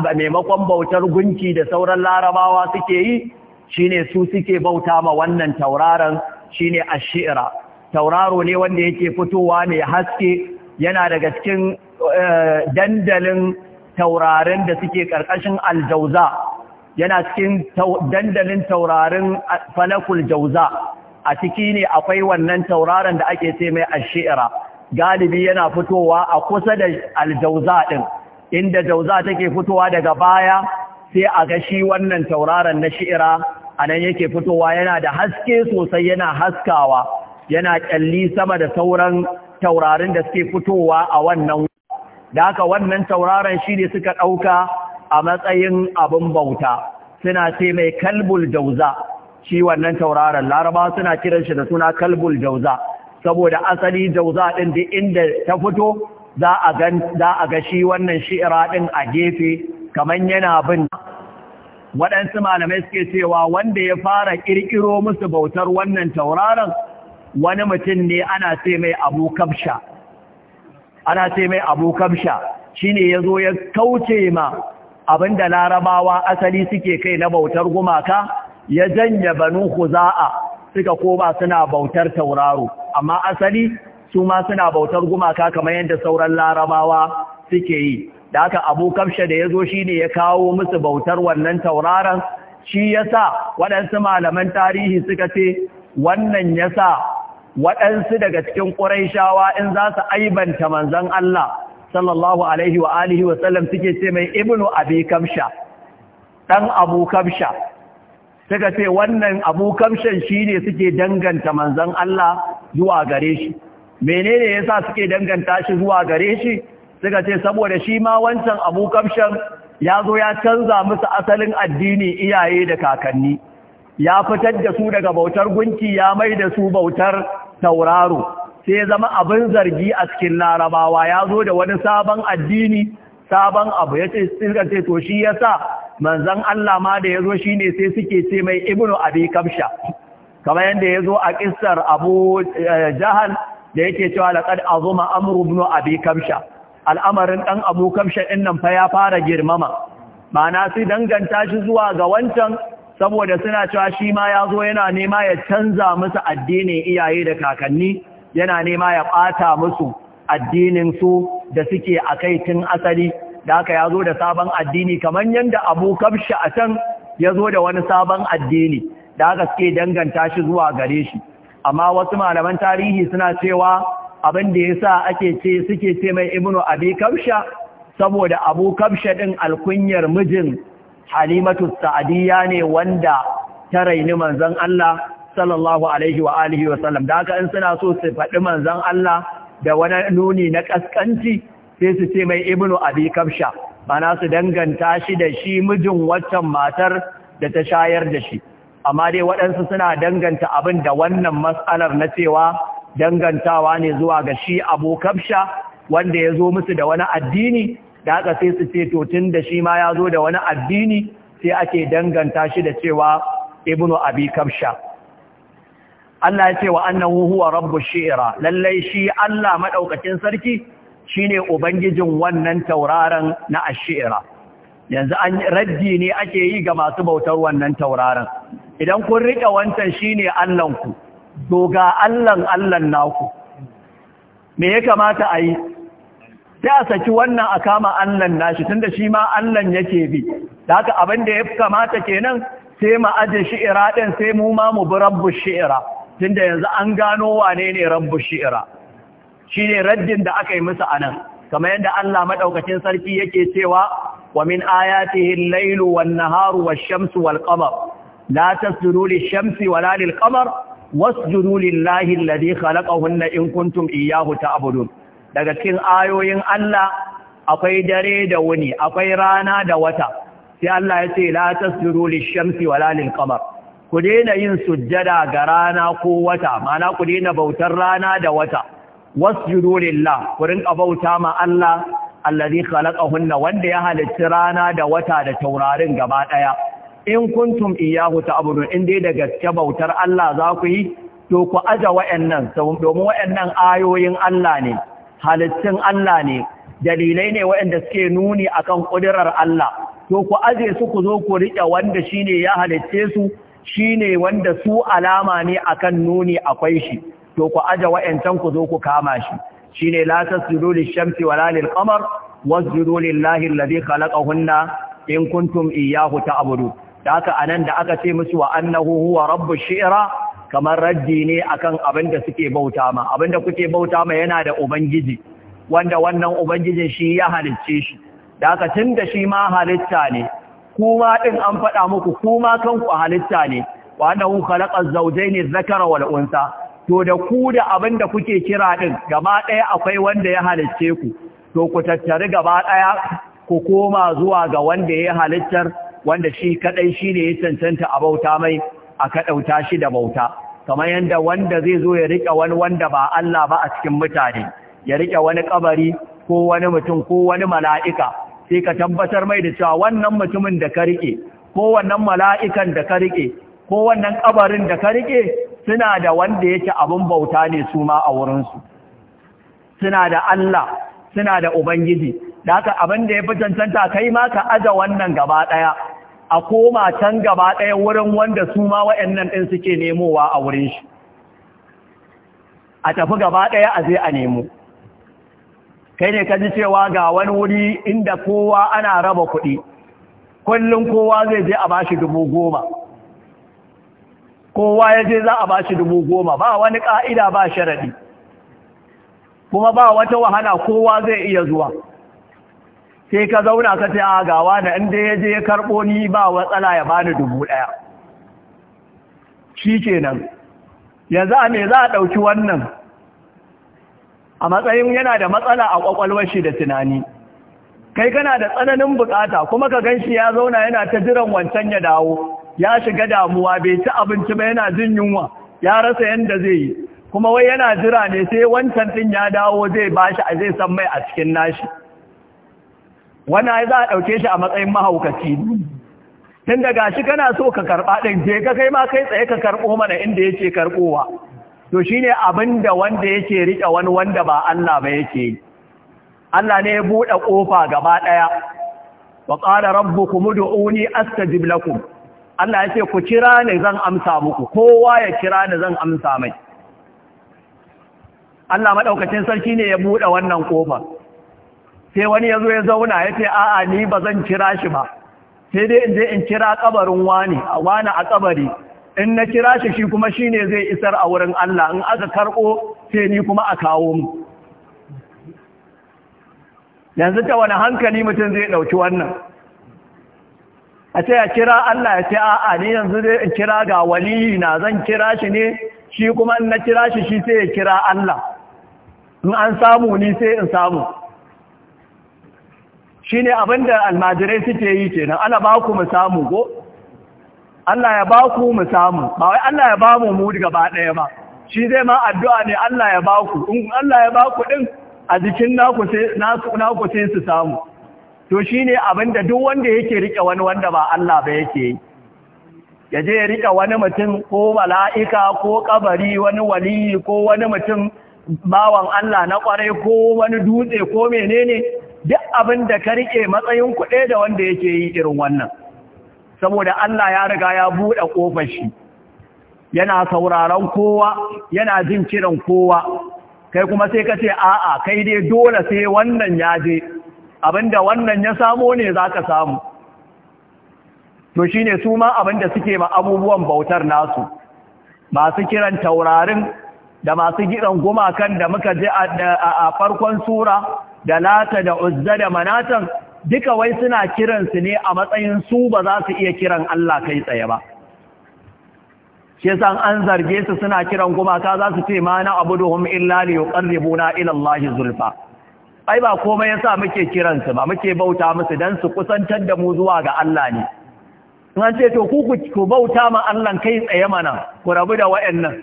S1: ba maimakon bautar gunki da sauran larabawa suke yi shi ne su suke bauta ma wannan tauraron ne ashira tauraro ne wanda yake fitowa mai haske yana daga cikin eh, dandalin taurarin da suke ƙarƙashin aljauza yana cikin dandalin taurarin falakul jauza a ciki ne akwai wannan tauraron da ake ce mai ashira galibi yana fitowa a kusa da aljauza din inda jauza take fitowa daga baya sai a ga shi wannan tauraron na shi'ira anan yake fitowa yana da haske sosai yana haskawa yana kyalli sama da sauran taurarin da suke fitowa a wannan da haka wannan tauraron shi ne suka ɗauka a matsayin abin bauta suna ce mai kalbul jauza shi wannan tauraron laraba suna kiran shi da suna kalbul jauza saboda asali jauza ɗin da inda ta fito za a ga shi wannan shi'ira ɗin a gefe kamar yana bin waɗansu malamai suke cewa wanda ya fara ƙirƙiro musu bautar wannan tauraron wani mutum ne ana ce mai abu kabsha ana ce mai abu kamsha shine ya zo ya kauce ma abinda larabawa asali suke kai na bautar gumaka ya janya banu huza'a suka koma suna bautar tauraro amma asali su ma suna bautar gumaka kamar yadda sauran larabawa suke yi da haka abu kamsha da ya zo shi ne ya kawo musu bautar wannan tauraron shi ya sa waɗansu malaman tarihi suka ce wannan ya sa waɗansu daga cikin ƙuraishawa in za su aibanta manzan Allah sallallahu alaihi wa alihi wa sallam suke ce mai ibnu abi kamsha ɗan abu kamsha suka ce wannan abu kamshan ne suke danganta manzan Allah zuwa gare shi menene yasa suke danganta shi zuwa gare shi suka ce saboda shi ma wancan abu kamshan ya zo ya canza musu asalin addini iyaye da kakanni ya fitar da su daga bautar gunki ya mai da su bautar tauraro sai zama abin zargi a cikin larabawa ya zo da wani sabon addini sabon abu ya ce ce to shi ya sa manzan Allah ma da ya zo shi ne sai suke ce mai ibnu abi kamsha kamar yadda ya zo a ƙisar abu eh, jahal da yake cewa laƙad azuma amru ibnu abi kamsha al'amarin ɗan abu kamsha ɗin nan fa ya fara girmama ma'ana sai danganta shi zuwa ga wancan saboda suna cewa shi ma ya zo yana nema ya canza musu addinin iyaye da kakanni yana nema ya ɓata musu addinin su da suke a kai tun asali da aka ya zo da sabon addini kamar yadda abu kamshi a can ya zo da wani sabon addini da aka suke danganta shi zuwa gare shi amma wasu malaman tarihi suna cewa abin da ya sa ake ce suke ce mai ibnu abi kabsha saboda abu kabsha ɗin alkunyar mijin halimatu sa'adiyya ne wanda ta raini manzon Allah sallallahu alaihi wa alihi wa sallam da haka in suna so su faɗi manzon Allah da wani nuni na kaskanci sai su ce mai ibnu abi kafsha bana su danganta shi da shi mijin waccan matar da ta shayar da shi amma dai waɗansu suna danganta abin da wannan mas'alar na cewa dangantawa ne zuwa ga shi abu kafsha wanda ya zo musu da wani addini da haka sai su ce to tun da shi ma ya zo da wani addini sai ake danganta shi da cewa ibnu abi kamsha Allah ya ce wa annahu huwa rabbu shi'ra lallai shi Allah madaukakin sarki shine ubangijin wannan tauraron na ashira yanzu an raddi ne ake yi ga masu bautar wannan tauraron idan kun rike wancan shine Allahnku ku doga allan allan naku me ya kamata a yi sai a saki wannan a kama allan nashi tunda shi ma allan yake bi da haka abin da ya kamata kenan sai mu aje shi'ira din sai mu ma mu bi rabbu shi'ira tunda yanzu an gano wane ne rabbu shi'ira shine raddin da aka yi musu anan kamar yadda Allah madaukakin sarki yake cewa wa min ayatihi al-lailu wan-naharu wash-shamsu wal-qamar la tasjudu lish-shamsi wala lil-qamar wasjudu lillahi alladhi khalaqahunna in kuntum iyyahu ta'budun daga cikin ayoyin Allah akwai dare da wuni akwai rana da wata sai Allah ya ce la tasjudu lish-shamsi wala lil ku daina yin sujjada ga rana ko wata mana ku daina bautar rana da wata wasjudu lillah ku rinka bauta ma Allah allazi hunna. wanda ya halicci rana da wata da taurarin gaba ɗaya, in kuntum iyyahu ta'budun in dai da gaske bautar Allah za ku yi to ku aja wa'annan domin wa'annan ayoyin Allah ne halittun Allah ne dalilai ne waɗanda suke nuni akan ƙudurar Allah to ku aje su ku zo ku riƙe wanda shine ya halitte su shine wanda su alama ne akan nuni akwai shi to ku aje waɗancan ku zo ku kama shi shine ne tasjudu lish-shamsi wala wasu qamar wasjudu lillahi alladhi khalaqahunna in kuntum ta abudu. da haka anan da aka ce musu wa annahu huwa Rabbu shira kamar raddi ne akan abin da suke bauta ma abin da kuke bauta ma yana da ubangiji wanda wannan ubangijin shi ya halicce shi da aka tun da shi ma halitta ne kuma din an faɗa muku kuma kanku halitta ne wanda hu khalaqa zawjayni dhakara wal unsa to da ku da abin da kuke kira din gaba ɗaya akwai wanda ya halicce ku to ku tattari gaba ɗaya ku koma zuwa ga wanda ya halittar wanda shi kadai ne ya cancanta a bauta mai a kaɗauta shi da bauta kamar yadda wanda zai zo ya riƙe wani wanda ba Allah ba a cikin mutane ya riƙe wani kabari ko wani mutum ko wani mala'ika sai ka tabbatar mai da cewa wannan mutumin da ka riƙe ko wannan mala'ikan da ka riƙe ko wannan kabarin da ka riƙe suna da wanda yake abin bauta ne su ma a wurinsu suna da Allah suna da Ubangiji da haka abin da ya fi cancanta kai ma ka aza wannan gaba ɗaya a koma can gaba ɗaya wurin wanda su ma nan ɗin suke nemowa a wurin shi a tafi gaba ɗaya a zai a nemo kai ne ka ji cewa ga wani wuri inda kowa ana raba kuɗi kullum kowa zai je a bashi dubu goma kowa ya je za a bashi dubu goma ba wani ƙa'ida ba sharaɗi kuma ba wata wahala kowa zai iya zuwa sai ka zauna ka ce a gawa da inda ya je ya karɓo ni ba watsala ya bani dubu ɗaya shi kenan yanzu a me za a ɗauki wannan a matsayin yana da matsala a ƙwaƙwalwar shi da tunani kai kana da tsananin bukata kuma ka gan shi ya zauna yana ta jiran wancan ya dawo ya shiga damuwa bai ci abinci ba yana jin yunwa ya rasa yadda zai yi kuma wai yana jira ne sai wancan ɗin ya dawo zai bashi a zai san mai a cikin nashi wani ya za a ɗauke shi a matsayin mahaukaci tun daga shi kana so ka karɓa ɗin je ka kai ma kai tsaye ka karɓo mana inda yace karɓowa to shine abin da wanda yake riƙe wani wanda ba Allah ba yake yi Allah ne ya buɗe ƙofa gaba ɗaya wa ƙara mudu ud'uni astajib lakum Allah ya ce ku kira ni zan amsa muku kowa ya kira ni zan amsa mai Allah maɗaukacin sarki ne ya buɗe wannan ƙofar sai wani ya zo ya zauna ya ce a'a ni ba zan kira shi ba sai dai in je in kira kabarin wani a wani a kabari in na kira shi shi kuma shi ne zai isar a wurin Allah in aka karɓo sai ni kuma a kawo mu yanzu ta wani hankali mutum zai ɗauki wannan a ce ya kira Allah ya ce a'a ni yanzu zai in kira ga waliyi na zan kira shi ne shi kuma in na kira shi shi sai ya kira Allah in an samu ni sai in samu shi ne abinda almajirai suke yi kenan ana ba ku mu ko Allah ya ba ku mu samu ba wai Allah ya ba mu mu gaba ɗaya ba shi zai ma addu'a ne Allah ya ba ku in Allah ya ba ku ɗin a jikin naku sai su samu to shine abinda duk wanda yake riƙe wani wanda ba Allah ba yake yi ya je ya rike wani mutum ko mala'ika ko kabari wani waliyi ko wani mutum bawan Allah na ƙwarai ko wani dutse ko menene duk abin da ka rike matsayin kuɗe da wanda yake yi irin wannan saboda Allah ya riga ya buɗe ƙofar shi yana sauraron kowa yana jin kiran kowa kai kuma sai ka ce a'a kai dai dole sai wannan ya je abinda wannan ya samo ne zaka samu to shine ne su ma abinda suke ma abubuwan bautar nasu masu kiran taurarin da masu gidan gumakan da muka ji a farkon sura da lata da uzza da manatan duka wai suna kiransu ne a matsayin su ba za su iya kiran Allah kai tsaye ba shi yasa an zarge su suna kiran gumaka za su ce mana abuduhum illa li yuqarribuna ila Allah zulfa ai ba komai yasa muke kiran su ba muke bauta musu dan su kusantar da mu zuwa ga Allah ne in an ce to ku ku bauta ma Allah kai tsaye mana ku rabu da wayannan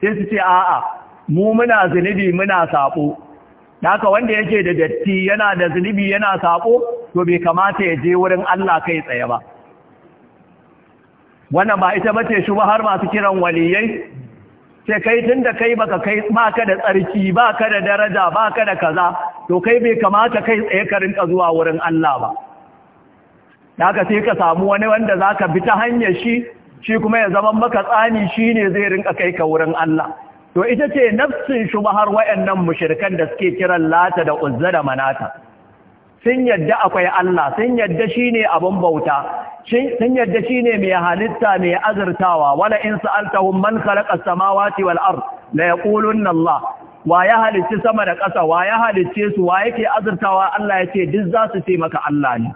S1: sai su ce a'a mu muna zunubi muna sabo haka wanda yake da datti yana da zunubi yana sako to bai kamata ya je wurin Allah kai tsaye ba wannan ba ita bace har masu kiran waliyai sai kai tunda kai baka kai baka da tsarki baka da daraja baka da kaza to kai bai kamata kai tsaye ka rinka zuwa wurin Allah ba haka sai ka samu wani wanda zaka bi ta hanyar shi shi kuma ya zama maka tsani shine zai rinka kai ka wurin Allah to ita ce nafsin shubahar waɗannan mushrikan da suke kiran lata da uzza da manata sun yadda akwai Allah sun yadda shine abin bauta sun yadda shine mai halitta mai azurtawa wala in sa'altahum man khalaqa as-samawati wal ard la yaqulunna Allah wa ya halicci sama da ƙasa wa ya halicce su wa yake azurtawa Allah ya ce duk za su ce maka Allah ne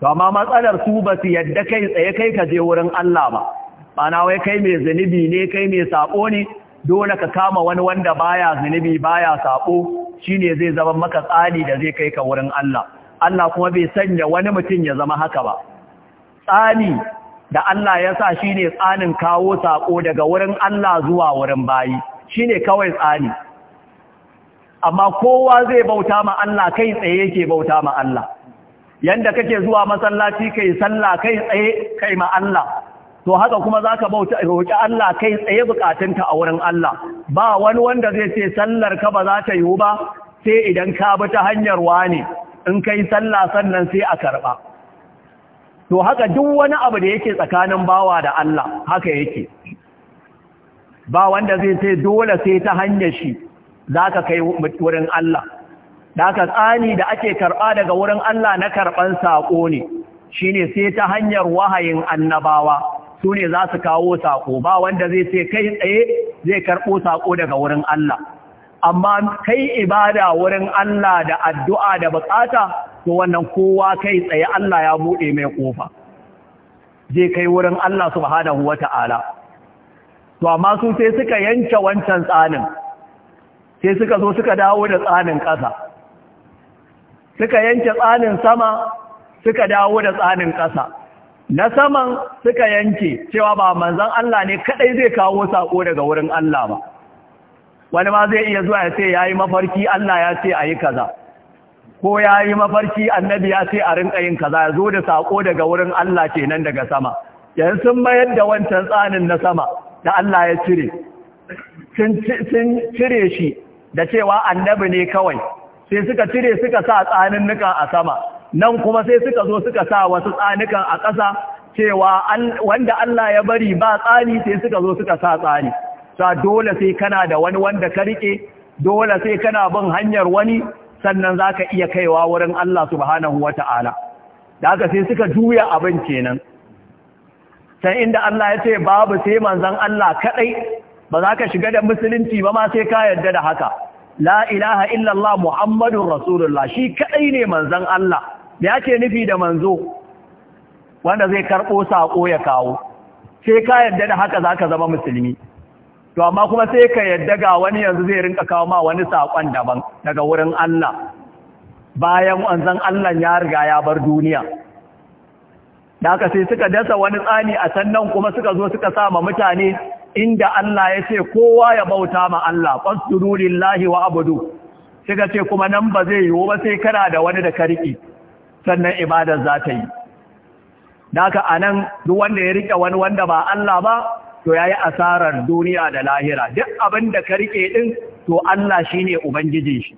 S1: to amma matsalar su ba su yadda kai tsaye kai ka je wurin Allah ba ana wai kai mai zunubi ne kai mai sako ne dole ka kama wani wanda baya zunubi baya sabo shine zai zama maka tsari da zai kai ka wurin Allah Allah kuma bai sanya wani mutum ya zama haka ba tsani da Allah ya sa shine tsanin kawo sako daga wurin Allah zuwa wurin bayi shine kawai tsani amma kowa zai bauta ma Allah kai tsaye yake bauta ma Allah yanda kake zuwa masallaci kai sallah kai tsaye kai ma Allah to haka kuma za ka bauta roƙi Allah kai tsaye bukatunta a wurin Allah ba wani wanda zai ce sallar ka ba za ta yiwu ba sai idan ka bi ta hanyar wane in kai sallah sannan sai a karɓa to haka duk wani abu da yake tsakanin bawa da Allah haka yake ba wanda zai ce dole sai ta hanyar shi za ka kai wurin Allah da aka tsani da ake karɓa daga wurin Allah na karɓan saƙo ne shi ne sai ta hanyar wahayin annabawa su ne za su kawo saƙo ba wanda zai ce kai tsaye zai karɓo saƙo daga wurin Allah amma kai ibada wurin Allah da addu'a da bukata to wannan kowa kai tsaye Allah ya buɗe mai ƙofa, zai kai wurin Allah subhanahu wata'ala to amma su sai suka yanke wancan tsanin sai suka zo suka dawo da tsanin ƙasa suka yanke tsanin sama suka dawo da tsanin ƙasa na saman suka yanke cewa ba manzan Allah ne kadai zai kawo sako daga wurin Allah ba wani ma zai iya zuwa ya ce ya yi mafarki Allah ya ce a yi kaza ko ya yi mafarki annabi ya ce a rinka yin kaza ya zo da sako daga wurin Allah ke nan daga sama yanzu sun mayar da wancan tsanin na sama da Allah ya cire sun cire shi da cewa annabi ne kawai sai suka cire suka sa tsanin nuka a sama nan kuma sai suka zo suka sa wasu tsanikan a ƙasa cewa wanda Allah ya bari ba tsani sai suka zo suka sa tsani sa dole sai kana da wani wanda ka rike dole sai kana bin hanyar wani sannan za ka iya kaiwa wurin Allah subhanahu wa ta'ala da haka sai suka juya abin kenan sai inda Allah ya ce babu sai manzon Allah kaɗai ba za ka shiga da musulunci ba ma sai ka yarda da haka la ilaha illallah muhammadun rasulullah shi kaɗai ne manzon Allah da yake nufi da manzo wanda zai karɓo sako ya kawo sai ka yadda da haka zaka zama musulmi to amma kuma sai ka yadda ga wani yanzu zai rinka kawo ma wani sakon daban daga wurin Allah bayan wanzan Allah ya riga ya bar duniya da haka sai suka dasa wani tsani a sannan kuma suka zo suka sa ma mutane inda Allah ya ce kowa ya bauta ma Allah qasdurulillahi wa abudu ka ce kuma nan ba zai yiwu ba sai kana da wani da ka kariki sannan ibadar za ta yi daga nan duk wanda ya riƙe wani wanda ba Allah ba to ya yi asarar duniya da lahira duk abin da ka riƙe ɗin to Allah shi ne ubangijin shi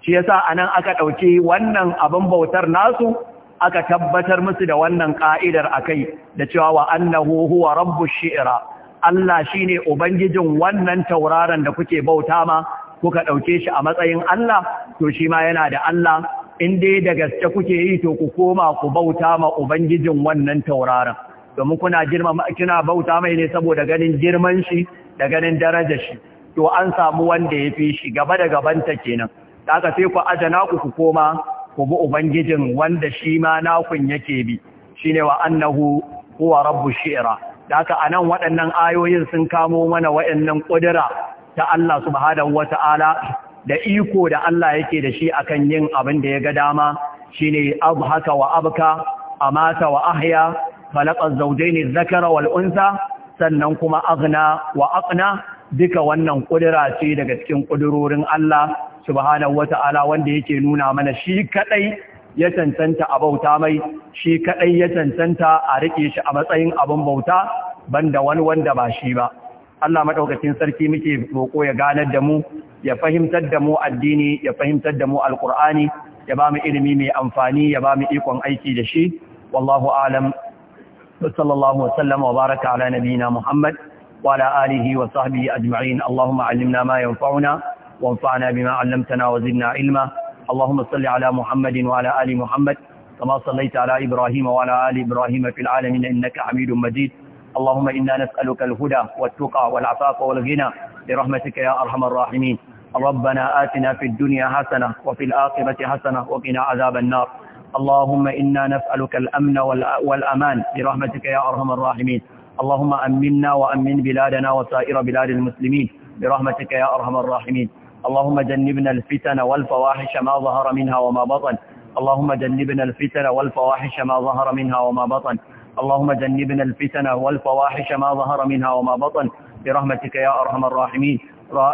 S1: shi ya sa a nan aka ɗauki wannan abin bautar nasu aka tabbatar musu da wannan ka'idar kai, da cewa wa annahu huwa rabbu shi’ira Allah ne ubangijin wannan tauraron da kuke bauta ma kuka ɗauke shi a matsayin Allah to shi ma yana da Allah in dai da gaske kuke yi to ku koma ku bauta ma ubangijin wannan tauraron domin kuna girma kina bauta mai ne saboda ganin girman shi da ganin darajar shi to an samu wanda ya fi shi gaba da gabanta kenan da sai ku ajana ku ku koma ku bi ubangijin wanda shi ma nakun yake bi shine wa annahu huwa rabbu shi'ra da anan waɗannan ayoyin sun kamo mana waɗannan ƙudura ta Allah subhanahu wata'ala da iko da Allah yake da shi akan yin abin da ya ga dama shine abhaka wa abka amata wa ahya khalaqa az dhakara wal unsa, sannan kuma aghna wa aqna duka wannan kudura ce daga cikin kudurorin Allah subhanahu wata'ala wanda yake nuna mana shi kadai ya cancanta a bauta mai shi kadai ya cancanta a rike shi a matsayin abin bauta banda wani wanda ba shi ba Allah maɗaukacin sarki muke roko ya ganar da mu ya fahimtar da mu addini ya fahimtar da mu alqur'ani ya ba mu ilimi mai amfani ya ba mu ikon aiki da shi wallahu alam sallallahu sallam wa baraka ala nabiyina muhammad wa ala alihi wa sahbihi ajma'in allahumma allimna ma yanfa'una wanfa'na bima 'allamtana wa zidna ilma اللهم صل على محمد وعلى ال محمد كما صليت على ابراهيم وعلى ال ابراهيم في العالمين انك حميد مجيد اللهم إنا نسألك الهدى والتقى والعفاف والغنى برحمتك يا أرحم الراحمين ربنا آتنا في الدنيا حسنة وفي الآخرة حسنة وقنا عذاب النار اللهم إنا نسألك الأمن والأمان برحمتك يا أرحم الراحمين اللهم أمنا وأمن بلادنا وسائر بلاد المسلمين برحمتك يا أرحم الراحمين اللهم جنبنا الفتن والفواحش ما ظهر منها وما بطن اللهم جنبنا الفتن والفواحش ما ظهر منها وما بطن اللهم جنبنا الفتن والفواحش ما ظهر منها وما بطن برحمتك يا أرحم الراحمين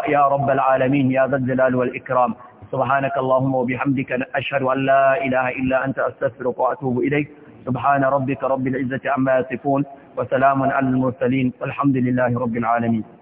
S1: يا رب العالمين يا ذا الجلال والإكرام سبحانك اللهم وبحمدك أشهد أن لا إله إلا أنت أستغفرك وأتوب إليك سبحان ربك رب العزة عما يصفون وسلام على المرسلين والحمد لله رب العالمين